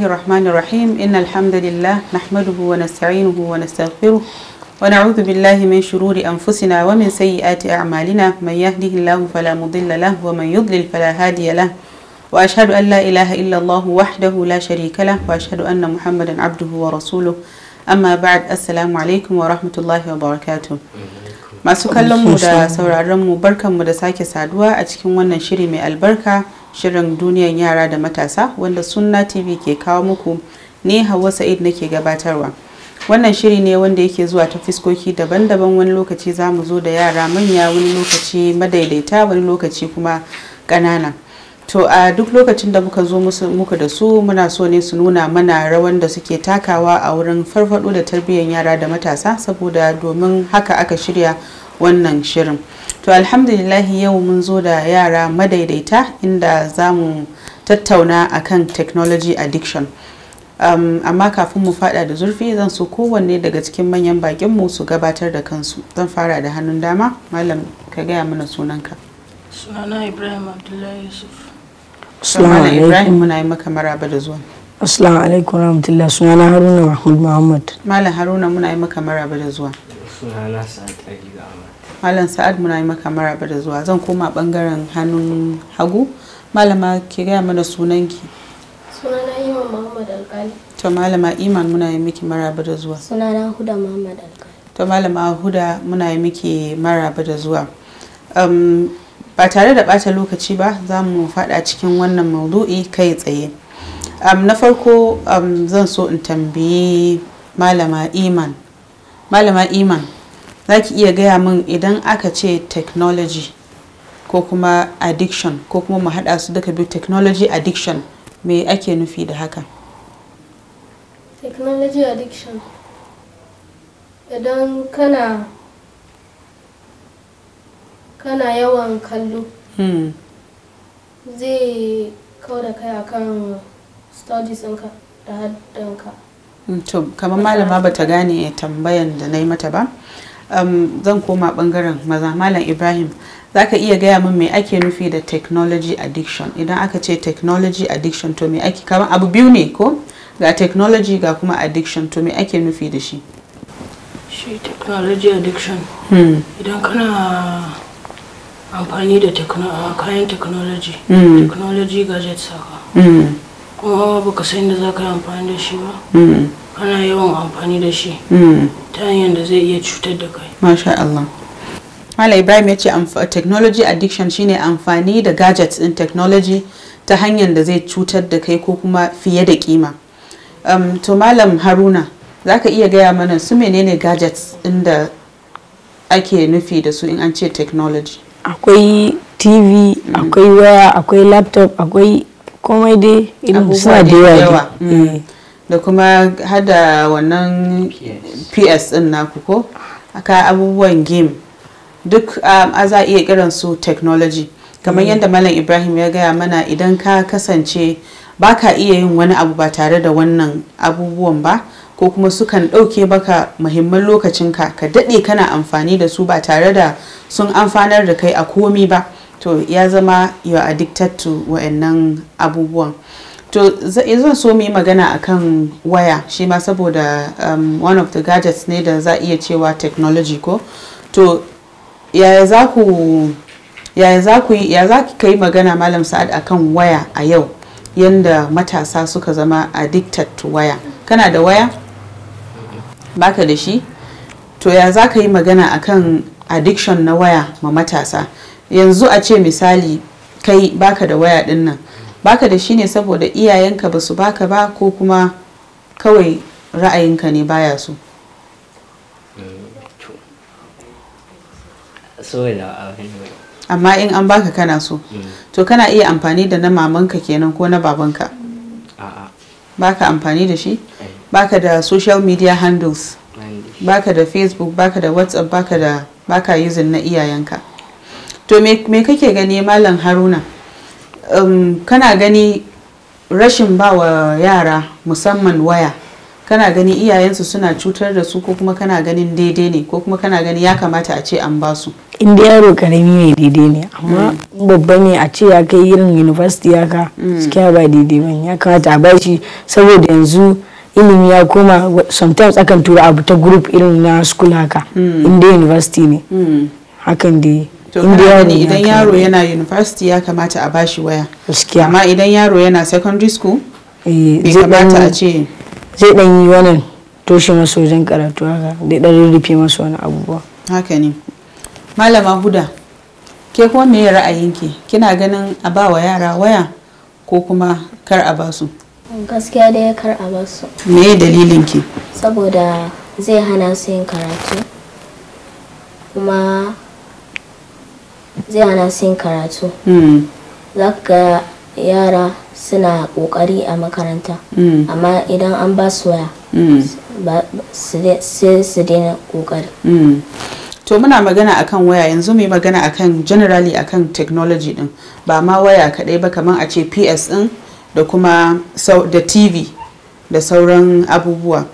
الله الرحمن الرحيم إن الحمد لله نحمده ونستعينه ونستغفره ونعوذ بالله من شرور أنفسنا ومن سيئات أعمالنا من يهده الله فلا مضل له ومن يضلل فلا هادي له وأشهد أن لا إله إلا الله وحده لا شريك له وأشهد أن محمدا عبده ورسوله أما بعد السلام عليكم ورحمة الله وبركاته masu kallon mu da sauraron mu barkan mu da sake saduwa a cikin wannan shiri mai albarka shirin duniyar yara da matasa wanda sunna tv ke kawo muku ne hawa sa'id nake gabatarwa wannan shiri ne wanda yake zuwa ta fiskoki daban-daban wani lokaci za mu zo da yara manya wani lokaci madaidaita wani lokaci kuma ƙanana to a duk lokacin da muka zo muku da su muna so ne su nuna mana rawan da suke takawa a wurin farfado da tarbiyyar yara da matasa saboda domin haka aka shirya wannan shirin to alhamdulillah yau mun zo da yara madaidaita inda za mu tattauna akan technology addiction um, amma kafin mu fada da zurfi zan so kowanne daga cikin manyan bakinmu su gabatar da kansu zan fara da hannun dama malam ka gaya mana sunanka sunana ibrahim abdullahi yusuf sunana ibrahim muna yi maka maraba da zuwa assalamu alaikum rahmatullah sunana haruna mahmud muhammad malam haruna muna yi maka maraba da zuwa sunana sa'ad ali Malam Sa'ad muna yi maka maraba da zuwa zan koma bangaren hannun hagu. Malama ki gaya mana sunanki. Sunana Iman Muhammad Alkali. To Malama Iman muna yi miki maraba da zuwa. Sunana Huda Muhammad Alkali. To Malama Huda muna yi miki maraba da zuwa. Um, ba tare da bata lokaci ba za mu faɗa cikin wannan maudu'i kai tsaye. Um, na farko um, zan so in tambayi Malama Iman. Malama Iman, za ki iya gaya min idan aka ce technology ko kuma addiction ko kuma mu haɗa su duka biyu technology addiction me ake nufi da haka technology addiction idan kana kana yawan kallo hmm. zai kau da kai akan studies ɗinka da haddanka hmm, to kamar malama bata gane tambayan da na yi mata ba zan koma bangaren maza malam ibrahim za ka iya gaya min me ake nufi da technology addiction idan aka ce technology addiction to me ake kama abu biyu ne ko ga technology ga kuma addiction to me ake nufi da shi shi technology addiction hmm. idan kana amfani da ah, kayan technology hmm. technology gadgets haka hmm. kuma baka san da za ka yi amfani da shi ba kana yawan amfani da shi hmm. ta hanyar da zai iya cutar da kai masha Allah Malam Ibrahim ya ce technology addiction shine amfani da gadgets in technology ta hanyar da zai cutar da kai ko kuma fiye da kima. Um, to Malam Haruna za ka iya gaya mana su menene gadgets inda ake nufi da su in an ce technology? Akwai TV, mm. akwai waya, akwai laptop, akwai komai dai irin suna da yawa. Eh. Hmm. da kuma hada wannan ps din naku ko aka abubuwan game duk um, a za iya kiran su technology kamar mm. yadda malam ibrahim ya gaya mana idan ka kasance ba ka iya yin wani abu ba tare da wannan abubuwan ba ko kuma sukan ɗauke baka muhimman lokacin ka ka daɗe kana amfani da su ba tare da sun amfanar da kai a komi ba to ya zama you addicted to wa'annan abubuwan to zan so mu yi magana akan waya shi ma saboda um, one of the gadgets ne da za iya cewa technology ko to yaya za ku kai magana malam sa'ad akan waya a yau yanda matasa suka zama addicted to waya kana da waya baka da shi to ya za ka yi magana akan addiction na waya ma matasa yanzu a ce misali kai baka da waya din nan baka da shi ne saboda iyayenka ba su baka ba ko kuma kawai ra'ayinka ne baya so eh, amma in an baka kana so mm. to kana iya amfani da na mamanka kenan ko na babanka baka amfani da shi eh. baka da social media handles baka da facebook baka da whatsapp baka da baka using na iyayenka to me kake gani malam haruna um, kana gani rashin ba wa yara musamman waya kana gani iyayensu suna cutar da su ko kuma kana ganin daidai ne ko kuma kana gani ya kamata a ce an basu inda yaro karami ne daidai ne amma hmm. babba ne a ce ya kai irin university ya ka hmm. gaskiya ba daidai ba ya kamata a bashi saboda yanzu ilimi ya koma sometimes akan tura abu ta group irin na school haka hmm. inda university ne hakan dai to gani idan yaro yana university ya kamata a bashi waya amma idan yaro yana secondary school eh, bai kamata a ce zai dan yi wannan toshe masu wajen karatu haka da dan rufe masu wani abubuwa haka ne malama huda ke kuma me ra'ayinki kina ganin a ba wa yara waya ko kuma kar a ba su gaskiya dai kar a ba su me ki. saboda zai hana su yin karatu kuma zai ana sin karatu hmm. za ga yara suna kokari a makaranta hmm. amma idan an ba su waya hmm. sai su daina kokari to muna magana akan waya yanzu mai magana akan generally akan technology din ba ma waya kadai ba kamar a ce ps din da kuma da tv da sauran abubuwa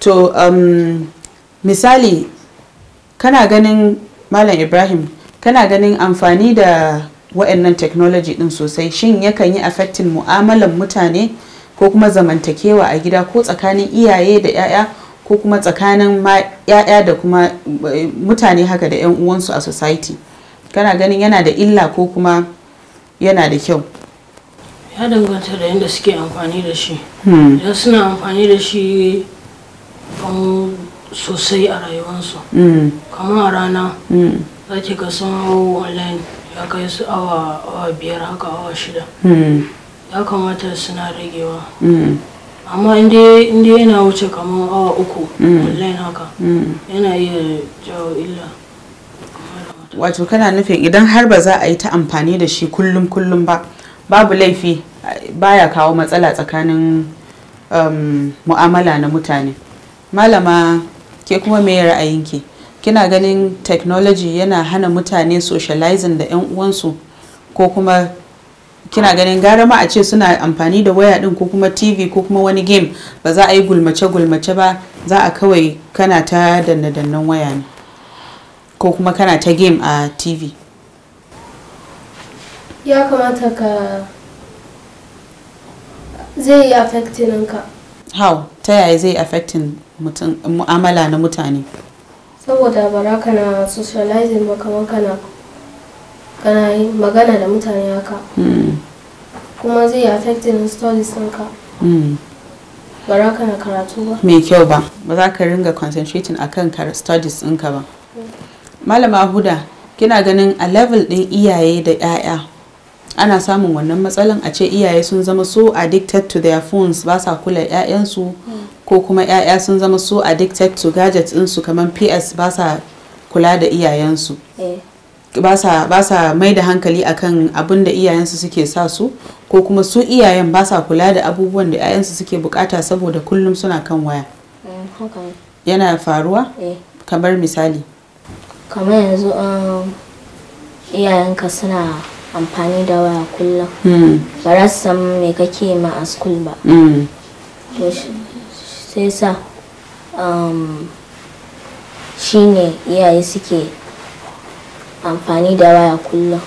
to um, misali kana ganin malam ibrahim kana ganin amfani da wa'annan technology din sosai shin yakan yi affecting mu'amalan mutane ko kuma zamantakewa a gida ko tsakanin iyaye da 'ya'ya ko kuma tsakanin 'ya'ya da kuma eh, mutane haka da 'yan uwansu a society kana ganin yana da illa ko kuma yana da kyau ya danganta da yadda suke amfani da shi hmm. idan suna amfani da shi sosai a rayuwarsu hmm. kamar a rana hmm. za ki ga sun hau online ya kai su awa awa biyar haka awa shida hmm. ya kamata suna ragewa hmm. amma inda yana wuce kamar awa uku hmm. online haka yana iya jawo illa wato kana nufin idan har ba za a yi ta amfani da shi kullum kullum ba babu laifi baya kawo matsala tsakanin um, mu'amala na mutane malama ke kuma me ra'ayinki kina ganin technology yana hana mutane socializing da 'yan uwansu ko kuma kina ganin gara ma a ce suna amfani da waya din ko kuma tv ko kuma wani game ba za a yi gulmace-gulmace ba za a kawai kana ta danna-dannan waya ne ko kuma kana ta game a tv ya kamata ka zai yi affecting ka how ta yaya zai affecting mu'amala na mutane saboda bara na socializing ba kamar kana kana magana da mutane haka hmm. kuma zai yi affecting studies ɗinka hmm. bara na karatu ba mai kyau ba ba za ka ringa concentrating a akan studies ɗinka ba malama huda kina ganin a level ɗin iyaye da 'ya'ya ana samun wannan matsalan a ce iyaye sun zama so addicted to their phones ba sa kula 'ya'yansu mm. ko kuma 'ya'ya sun zama so addicted to gadgets su kamar ps ba sa kula da iyayensu eh. ba sa mai da hankali akan abin da iyayensu suke sa su ko kuma su iyayen ba sa kula da abubuwan da 'ya'yansu suke bukata saboda kullum suna kan waya eh, yana faruwa eh. kamar misali kamar yanzu um, iyayenka suna amfani da waya kullum hmm. ba za su san me kake ma a school ba hmm. sai sa um, ne iyaye suke amfani da waya kullum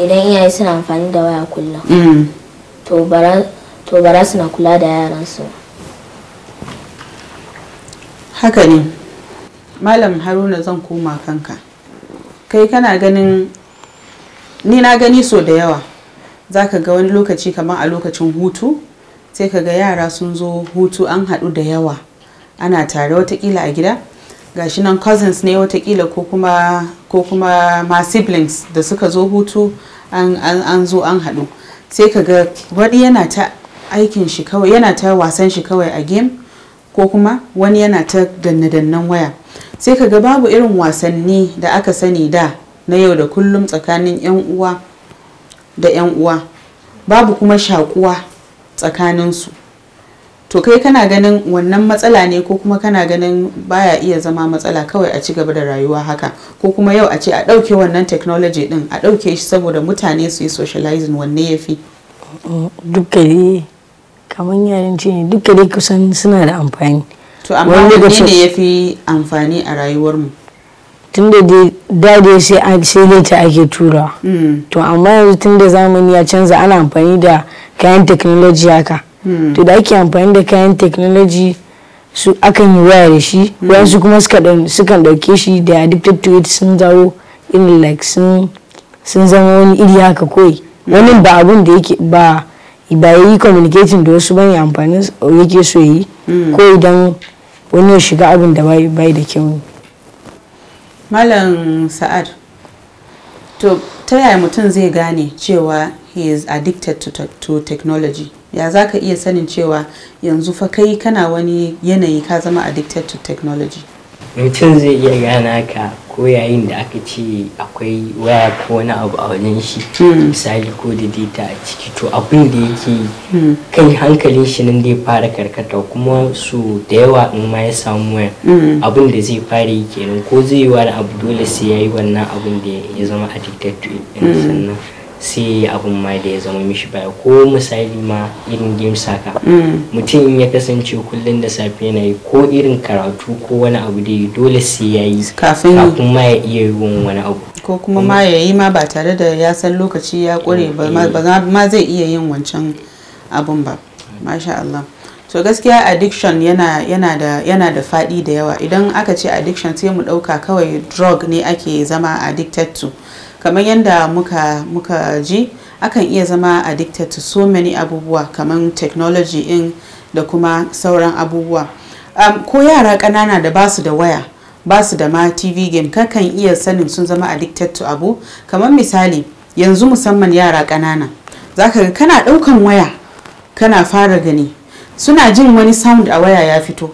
idan iyaye suna amfani da waya kullum mm. to bara suna kula da yaransu haka ne malam haruna zan koma kanka kai kana ganin ni na gani so da yawa za ka ga wani lokaci kamar a lokacin hutu sai kaga yara sun zo hutu an haɗu da yawa ana tare watakila a gida gashi nan cousins ne watakila ko kuma ma siblings da suka zo hutu an zo an haɗu sai ka ga wani yana ta aikin shi kawai yana ta wasan shi kawai a game ko kuma wani yana ta danna-dannan waya sai ka ga babu irin wasanni da aka sani da na yau da kullum tsakanin 'yan uwa da 'yan uwa babu kuma shakuwa tsakaninsu to kai kana ganin wannan matsala ne ko kuma kana ganin baya iya zama matsala kawai a ci gaba da rayuwa haka ko kuma yau a ce a ɗauke wannan technology din a ɗauke shi saboda mutane su yi socializing wanne ya fi oh, duka kamar yaran ce ne duka dai kusan suna da amfani to amma wanne ne ya fi amfani a rayuwarmu tun da da dai sai sai ake tura mm. to amma yanzu tun da zamani ya canza ana amfani da kayan teknoloji haka hmm. to da ake amfani da kayan teknoloji su akan yi waya da shi hmm. wasu kuma suka ɗauke shi da addicted to it sun zawo in like sun zama wani iri haka kawai hmm. wani ba abun da yake ba ba yi communicating da wasu bane amfanin yake so yi ko idan wani ya shiga abin da bai da kyau malam sa'ad to ta yaya mutum zai gane cewa he is addicted to, to technology ya za ka iya sanin cewa yanzu fa kai kana wani yanayi ka zama addicted to technology mutum zai iya gana ka ko yayin da aka ce akwai waya ko wani abu a wajen shi hmm. misali ko da data a ciki to abin da yake hmm. kan hankalin shi nan ya fara karkata kuma su da yawa in ma ya samu waya hmm. abin da zai fara yi kenan ko zai yi wani abu dole sai ya yi wannan abin da ya zama addicted to it sannan sai abun ma da ya zama mishi baya ko misali ma irin game saka mm. mutum ya kasance kullum da safe yana yi ko irin karatu ko wani abu da dole sai ya yi kafin ma ya iya yi wani abu ko kuma ma ya yi ma ba tare da ya san lokaci ya kure ba ma zai iya yin wancan abun ba masha Allah to gaskiya addiction yana yana da yana da faɗi da yawa idan aka ce addiction sai mu ɗauka kawai drug ne ake zama addicted to kamar yadda muka muka ji akan iya zama addicted to so many abubuwa kamar technology in da kuma sauran abubuwa um, ko yara ƙanana da basu da waya basu da ma tv game kakan iya sanin sun zama addicted to abu kamar misali yanzu musamman yara ƙanana ka ga kana ɗaukan waya kana fara gani suna jin wani sound a waya ya fito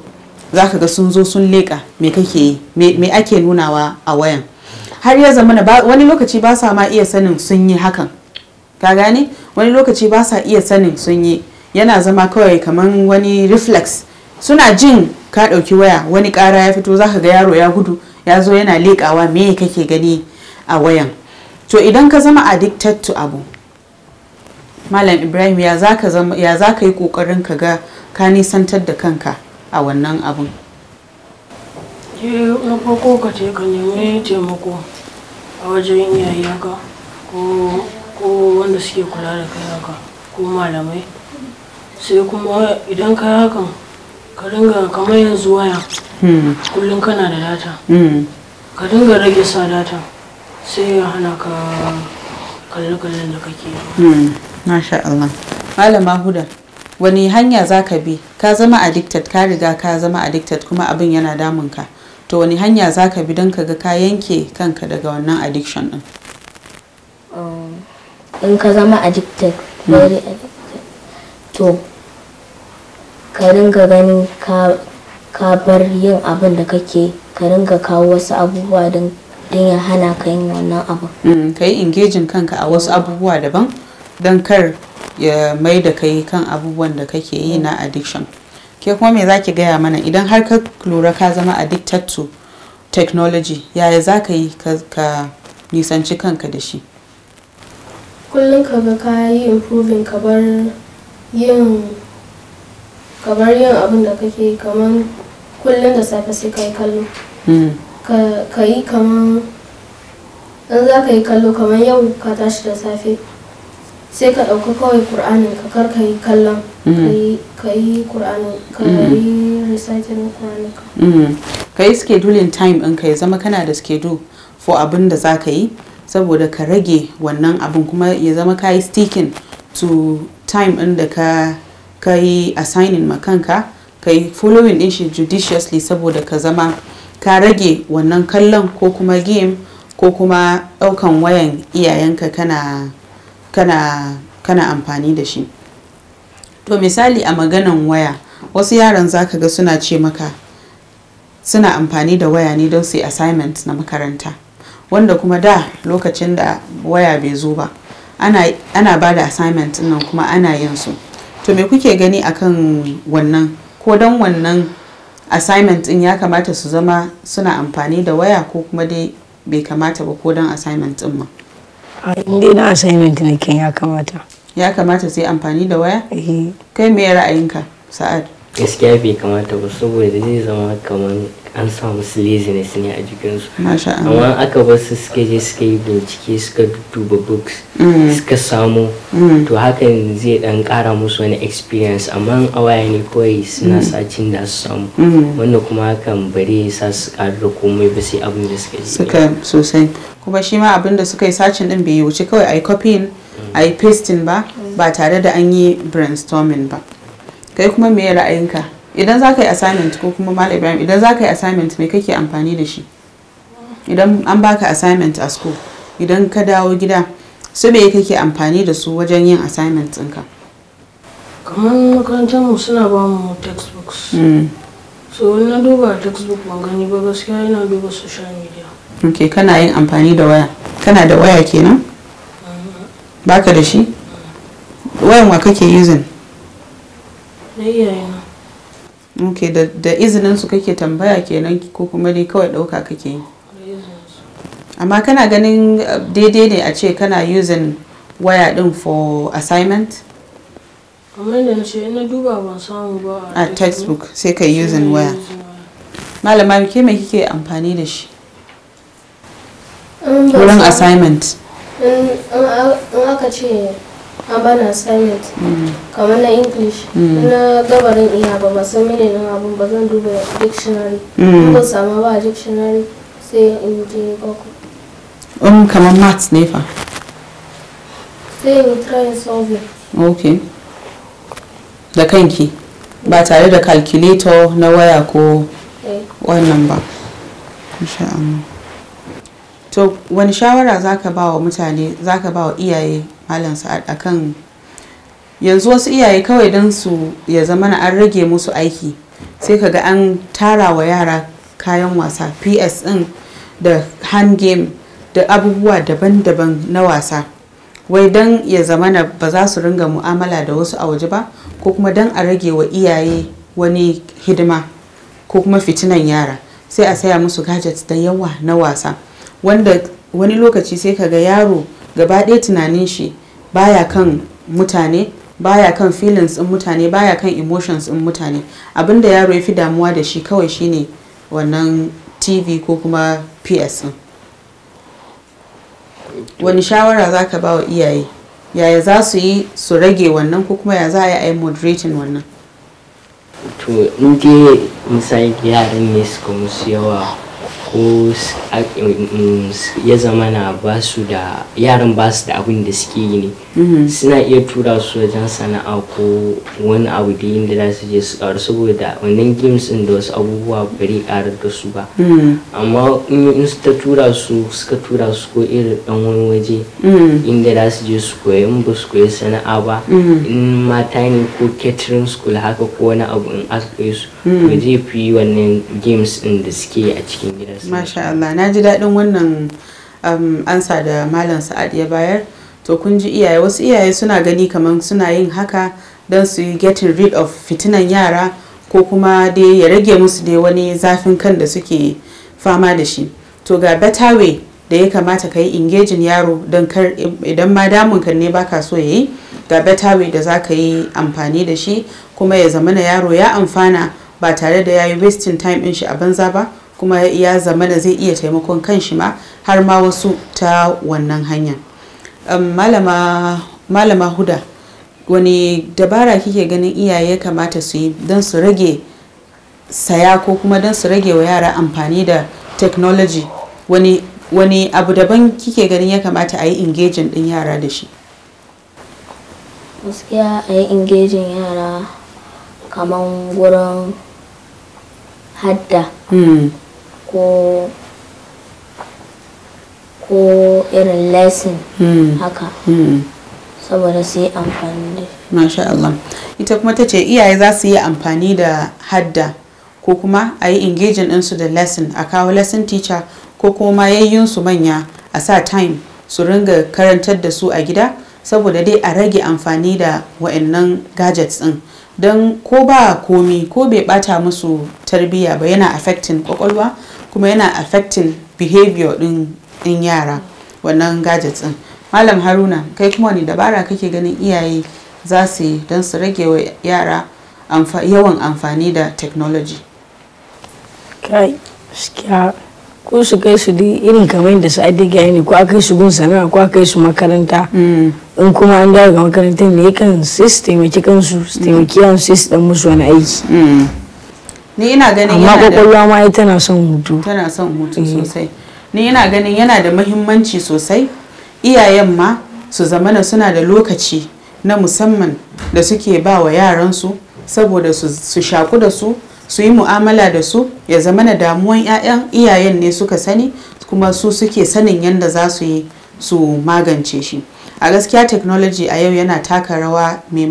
za ka ga sun zo sun leƙa me ake nunawa a wayan har ya zama wani lokaci ba sa ma iya sanin sun yi hakan ka gane wani lokaci ba sa iya sanin sun yi yana zama kawai kamar wani reflex suna jin ka ɗauki waya wani ƙara ya fito za ka ga yaro ya gudu ya zo yana leƙawa me kake gani a wayan to idan ka zama addicted to abu malam ibrahim ya za ka yi ƙoƙarin ka ga ka nisantar da kanka a wannan abun je na farko ka ce ka nemi taimako a wajen iyaye haka ko wanda suke kula da kai haka ko malamai sai kuma idan ka hakan ka dinga kamar yanzu waya hmm. kullum kana da data hmm. ka dinga rage sa data sai ya hana ka kalli kallen da kake yi hmm. masha Allah malama huda wani hanya za ka bi ka zama addicted ka riga ka zama addicted kuma abin yana damun ka to wani hanya za ka bi don kaga ka yanke kanka daga wannan addiction din um, in ka zama addicted hmm. very addicted to ka ringa ganin ka bar yin abin da kake ka ringa kawo wasu abubuwa don ya hana ka yin wannan abu hmm, ka yi engagin kanka a wasu hmm. abubuwa daban don kar ya mai da kai kan abubuwan da kake yi na addiction ke kuma me zaki gaya mana idan har ka lura ka zama addicted to technology yaya za ka yi ka nisanci kanka da shi kullum ka ga ka yi improving ka bar yin bar yin abin da kake kamar kullum da safe sai ka yi kallo mm. ka yi kaman in za ka yi kallo kamar yau ka tashi da safe sai ka ɗauka kawai ƙur'anin ka kar ka yi kallon ka mm. yi ƙur'anin ka yi recital ƙur'anin ka mm. mm. ka yi scheduling time ɗin ka ya zama kana da schedule for abin da za ka yi saboda ka rage wannan abin kuma ya zama ka yi sticking to time ɗin da ka ka yi assigning makanka ka yi following ɗin shi judiciously saboda ka zama ka rage wannan kallon ko kuma game ko kuma ɗaukan wayan iyayenka kana kana kana amfani da shi to misali a maganan waya wasu yaran zaka ga suna ce maka suna amfani da waya ne don su assignment na makaranta wanda kuma da lokacin da waya bai zo ba ana, ana ba da assignment nan kuma ana yin su to me kuke gani akan wannan ko don wannan assignment din ya kamata su zama suna amfani da waya ko kuma dai bai kamata ba ko don assignment din ma inda na assignment na ya kamata ya kamata sai amfani da waya eh. kai me ra'ayinka sa'ad gaskiya bai kamata ba saboda zai zama kamar an samu su laziness ne a jikinsu amma aka ba su suka je suka yi bincike suka duba books mm. suka samu mm. to hakan zai dan kara musu wani experience amma a waya ne kawai suna mm. sacin da su samu wanda kuma hakan bare ya sa su da komai ba sai abin da suka yi suka sosai kuma shi ma abin da suka yi sacin din bai wuce kawai a yi copying a yi pasting ba ba tare da an yi brainstorming ba kai kuma me ra'ayinka idan za ka yi assignment ko kuma malam ibrahim idan za ka yi assignment me kake amfani da shi idan an baka assignment a school idan ka dawo gida su me kake amfani da su wajen yin assignment ɗinka kamar makarantar mu suna ba mu textbooks hmm. so wani na duba textbook ban gani ba gaskiya yana duba social media ok kana yin amfani da waya kana da waya kenan mm-hmm. baka da shi wayan wa kake using okay iyayena da izinin su kake tambaya kenan ko kuma dai kawai ɗauka kake yi amma kana ganin eh, daidai ne a ce kana using waya din for assignment kamar da ce ina duba ban samu ba a textbook sai ka using waya malama ke mai kike amfani da shi wurin assignment in aka ce an bani assignment mm. kamar na english mm. na gabarin iya ba masu mene na abun ba zan duba dictionary ko mm. samu ba dictionary sai in je koko um kamar maths ne fa sai in try solving okay da kanki ba tare da calculator na waya ko eh. wannan ba to wani shawara zaka ba wa mutane zaka ba wa iyaye malam sa'ad akan yanzu wasu iyaye kawai don su ya zama an rage musu aiki sai kaga an tara wa yara kayan wasa ps din da hand game da abubuwa daban-daban na wasa wai don ya zama ba za su ringa mu'amala da wasu a waje ba ko kuma don a rage wa iyaye wani hidima ko kuma fitinan yara sai a saya musu gadgets da yawa na wasa wanda wani lokaci sai kaga yaro gaba ɗaya tunanin shi baya kan mutane baya kan feelings in mutane baya kan emotions in mutane abinda yaro ya fi damuwa da shi kawai shine wannan tv ko kuma ps wani shawara za ka ba wa iyaye yaya za su yi su rage wannan ko kuma ya za a yi moderating wannan to inda misali yaran ne suka musu yawa ko um, um, ya zama na basu da yaran basu da abin da suke yi ne Mhm. suna iya tura su wajen sana'a ko wani abu da da za su je su karu saboda wannan games din da wasu abubuwa bari karu da su ba mhm. amma in su ta tura su suka tura su ko irin dan wani waje mhm. inda za su je su koyi in ba su koyi sana'a ba in mata ne ko catering school haka ko wani abu in aka kai su to je fi wannan games din da suke a cikin gidansu masha Allah na ji daɗin wannan um, ansa da malam sa'ad ya bayar to kun ji iyaye wasu iyaye suna gani kamar suna yin haka don su yi getting rid of fitinan yara ko kuma dai ya rage musu dai wani zafin kan da suke fama da shi to ga better way da ya kamata ka yi engaging yaro don kar idan ma damun ka ne baka so ya yi ga better way da za ka yi amfani da shi kuma ya zama zamana yaro ya amfana ba tare da ya yi wasting time din shi a banza ba kuma ya zama da zai iya taimakon kan shi ma har ma wasu ta wannan hanyar malama huda wani dabara kike ganin iyaye kamata su yi don su rage saya ko kuma don su rage wa yara amfani da technology wani wani abu daban kike ganin ya kamata a yi engaging din yara da shi gaskiya a yi engaging yara kamar wurin hadda hmm. ko ko irin lesson hmm. haka hmm. saboda su yi amfani da masha Allah ita kuma ta ce iyaye za su yi amfani da hadda ko kuma a yi engaging ɗinsu da lesson a kawo lesson teacher ko kuma su manya a sa time su ringa karantar da su a gida saboda dai a rage amfani da wa'annan gadgets ɗin don ko ba komi ko bai bata musu tarbiyya ba yana affecting kwakwalwa kuma yana affecting behavior ɗin din yara wannan gadgets din malam haruna kai kuma wani dabara kake ganin iyaye za su yi don su rage wa yara yawan amfani da technology kai gaskiya ko su kai su di irin kamar yadda su ake gaya ne ko a kai su gun sana'a ko a kai su makaranta mm. in kuma an dawo ga makarantar ne kan sai su taimaki su taimaki yawan sai su dan musu wani aiki mm. ni ina ganin amma kwakwalwa ma tana son hutu tana son hutu eh. sosai ni yana ganin yana da mahimmanci sosai iyayen ma su zamana suna da lokaci na musamman da suke ba wa yaransu saboda su shaku da su su yi mu'amala da su ya zamana damuwan 'ya'yan iyayen ne suka sani kuma su suke sanin yadda za su yi su magance shi a gaskiya technology a yau yana taka rawa mai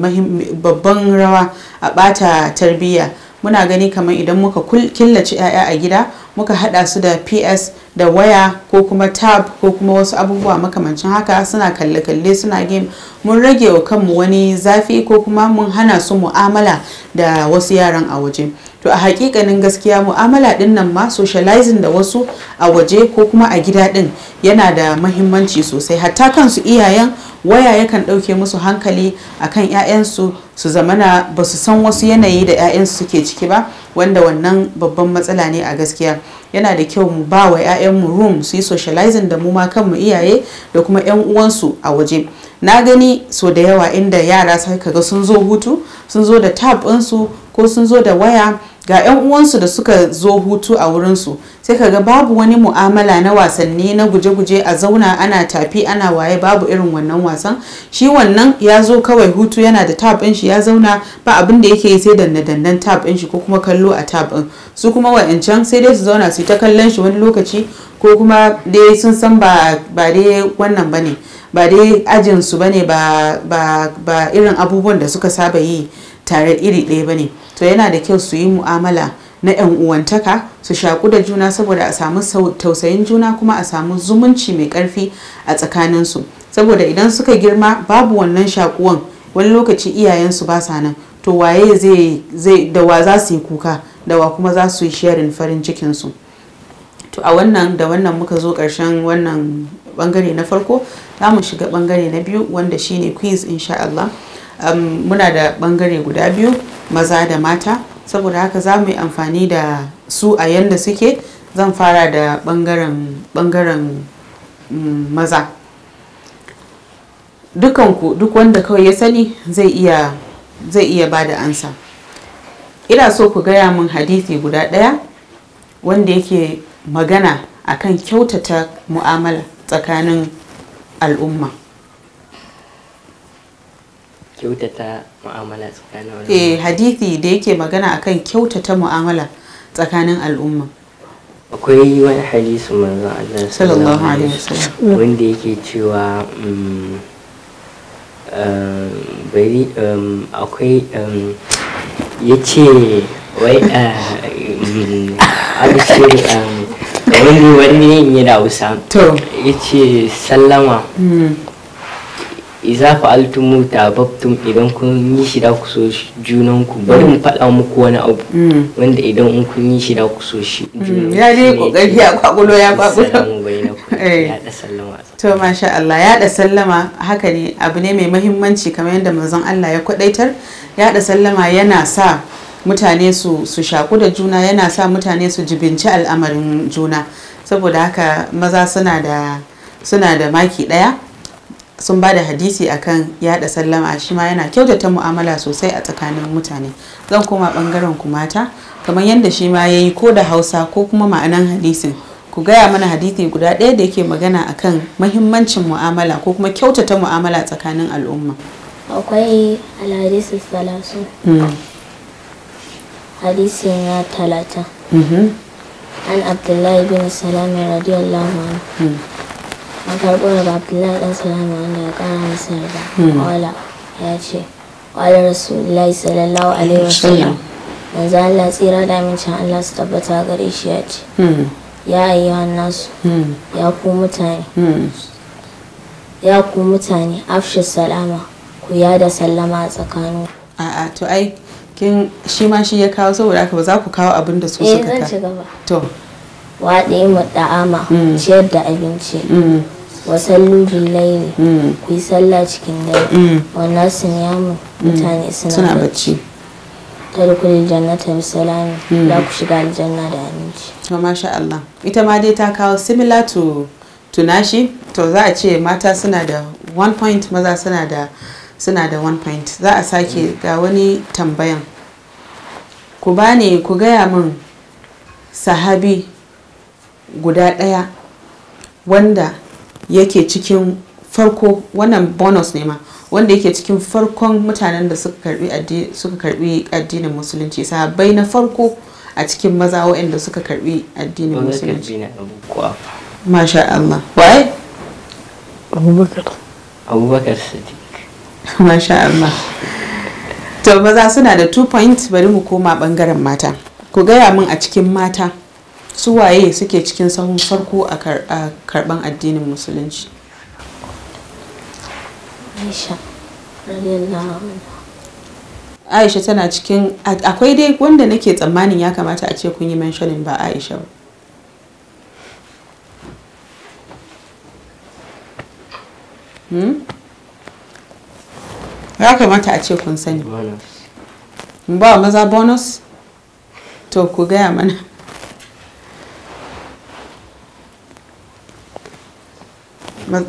babban rawa a bata tarbiyya muna gani kamar idan muka killace 'ya'ya a gida muka hada su da ps da waya ko kuma tab ko kuma wasu abubuwa makamancin haka suna kalle-kalle suna game mun rage wa kanmu wani zafi ko kuma mun hana su mu'amala da wasu yaran a waje to a hakikanin gaskiya mu'amala din nan ma socializing da wasu a waje ko kuma a gida din yana da mahimmanci sosai hatta kansu iyayen waya yakan dauke musu hankali akan 'ya'yansu su zamana ba su san wasu yanayi da 'ya'yansu suke ciki ba wanda wannan babban matsala ne a gaskiya yana da kyau mu ba wa 'ya'yanmu room su yi socializing da mu ma kanmu iyaye da kuma 'yan uwansu a waje na gani so da yawa inda yara sai kaga sun zo hutu sun zo da tab ɗinsu ko sun zo da waya ga 'yan uwansu da suka zo hutu a wurinsu sai kaga babu wani mu'amala na wasanni na guje-guje a zauna ana tafi ana waye babu irin wannan wasan shi wannan ya zo kawai hutu yana da tab ɗin shi ya zauna ba abin da yake yi sai danna dandan tab ɗin shi ko kuma kallo a tab ɗin su kuma wa'ancan sai dai su zauna su ta kallon shi wani lokaci ko kuma dai sun san ba dai wannan bane ba dai ajin su bane ba irin abubuwan da suka saba yi tare iri ɗaya ba ne to yana da kyau su yi mu'amala na 'yan uwantaka su shaƙu da juna saboda a samu tausayin juna kuma a samu zumunci mai ƙarfi a tsakaninsu saboda idan suka girma babu wannan shaƙuwan wani lokaci iyayensu ba sa nan to waye zai da wa za su yi kuka da wa kuma za su yi sharing farin cikinsu to a wannan da wannan muka zo ƙarshen wannan bangare na farko za mu shiga bangare na biyu wanda shine quiz insha Allah muna da bangare guda biyu maza da mata saboda haka za mu yi amfani da su a yanda suke zan fara da bangaren mm, maza dukanku duk wanda kawai ya sani zai iya ba da ansa ina so ku gaya min hadithi guda ɗaya wanda yake magana akan kyautata mu'amala tsakanin al'umma kyautata mu'amala tsakanin eh hadithi da yake magana akan kyautata mu'amala tsakanin al'umma akwai wani hadisi manzo Allah sallallahu alaihi wasallam wanda yake cewa mm, um, bari um, akwai um, yace wai abishir mm, wani wani yana usa yace sallama mm. iza fa'altum tababtum idan kun yi shi da ku so junan ku bari mu faɗa muku wani abu wanda idan kun yi shi da ku so shi ya dai kokari ya kwakulo ya kwakulo to masha Allah ya da sallama haka ne abu ne mai muhimmanci kamar yadda manzon Allah ya kwadaitar ya da sallama yana sa mutane su su shaku da juna yana sa mutane su jibinci al'amarin juna saboda haka maza suna da suna da maki daya sun ba da hadisi akan yada sallama shi ma yana kyautata mu'amala sosai a tsakanin mutane zan koma bangaren ku mata kamar yadda shi ma ya yi ko da hausa ko kuma ma'anan hadisin ku gaya mana hadisi guda ɗaya da yake magana akan mahimmancin mu'amala ko kuma kyautata mu'amala tsakanin al'umma akwai alhadisin salasu hmm. hadisin ya talata mm-hmm. an abdullahi bin salami radiyallahu anhu hmm. an karɓo daga abdullahi ɗan salama wanda ya ƙara masa yarda wala hmm. ya ce wala rasulullahi sallallahu alaihi hmm, sallam, manzo Allah tsira da amincin Allah su tabbata gare shi ya ce hmm. ya ayyuhan nasu ya ku mutane ya ku mutane afshi salama ku yada sallama a tsakanin a'a to ai kin shi ma shi ya kawo saboda haka ba za ku kawo abin da su eh, suka ka to waɗe mu da'ama ciyar da abinci wasallu billahi mm. ku yi sallah cikin dare mm. su sun yamu mm. mutane suna bacci tarkul jannata bi salami za ku shiga aljanna da aminci to masha Allah ita ma dai ta kawo similar to tunashi to za a ce mata suna da one point maza suna da suna da one point za a sake ga wani tambayan ku bani ku gaya min sahabi guda ɗaya wanda yake cikin farko wannan bonus ne ma wanda yake cikin farkon mutanen da suka karbi addinin musulunci sahabbai na farko a cikin maza waɗanda suka karbi addinin musulunci masha Allah waye abubakar abubakar sadiq masha Allah to maza suna da 2 point bari mu koma bangaren mata ku gaya min a cikin mata su waye suke cikin sahun farko a karban addinin musulunci aisha tana cikin akwai dai wanda nake tsammanin ya kamata a ce kun yi mentioning ba aisha ba hmm? ya kamata a ce kun sani ba maza bonus to ku gaya mana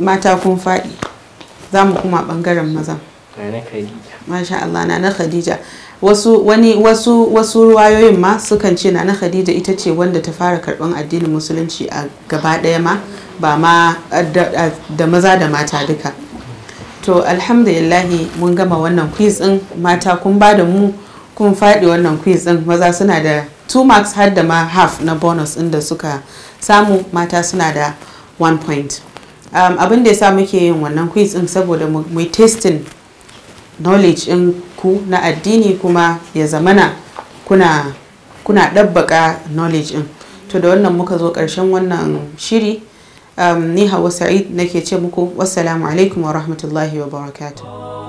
mata kun faɗi za mu kuma ɓangaren mazan masha Allah na na Khadija wasu wani wasu wasu ruwayoyin ma sukan ce na na Khadija ita ce wanda ta fara karɓar addinin musulunci a gaba ɗaya ma ba ma da maza da mata duka to alhamdulillahi mun gama wannan quiz din mata kun ba da mu kun faɗi wannan quiz din maza suna da 2 marks har da ma half na bonus inda da suka samu mata suna da 1 point Um, abin da yasa muke yin wannan quiz din saboda mu testing knowledge in ku na addini kuma ya zamana kuna kuna dabbaka knowledge din to da wannan muka zo karshen wannan shiri um, ni Hauwa Sa'id nake ce muku wassalamu alaikum wa rahmatullahi wa barakatuh